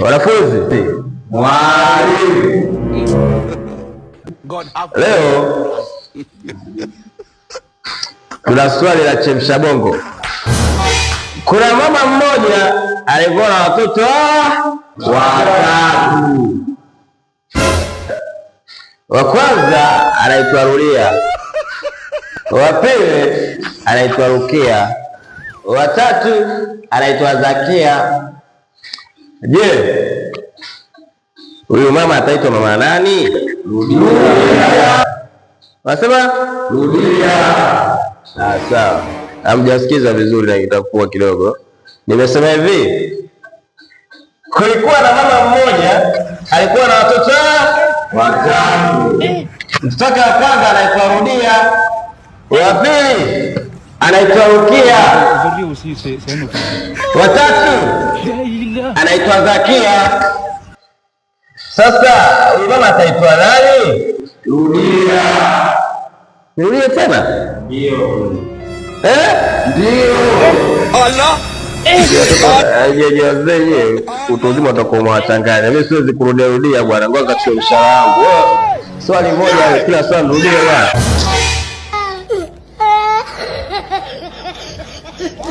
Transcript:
Wanafunzi, mwalimu, leo tuna swali la chemsha bongo. Kuna mama mmoja alikuwa na watoto watatu. Wa kwanza anaitwa Rulia, wa pili anaitwa Rukia, wa tatu anaitwa Zakia. Je, huyu mama ataitwa mama nani? Rudia. Nasema rudia. Ah, sawa. Hamjasikiza vizuri na kidogo. Nimesema hivi. Kulikuwa na mama mmoja alikuwa na watoto watatu. Mtoto wa kwanza anaitwa Rudia, wa pili anaitwa Rukia, watatu anaitwa Zakia. Sasa huyu mama ataitwa nani? Dunia. Nirudia tena. Ndio. Eh? Ndio. Allah. Ajejezeje, utu uzima utakuwa umewachanganya. Mimi siwezi kurudia rudia bwana, ngoja katika mshahara wangu. Oh. Swali moja kila swali rudia bwana.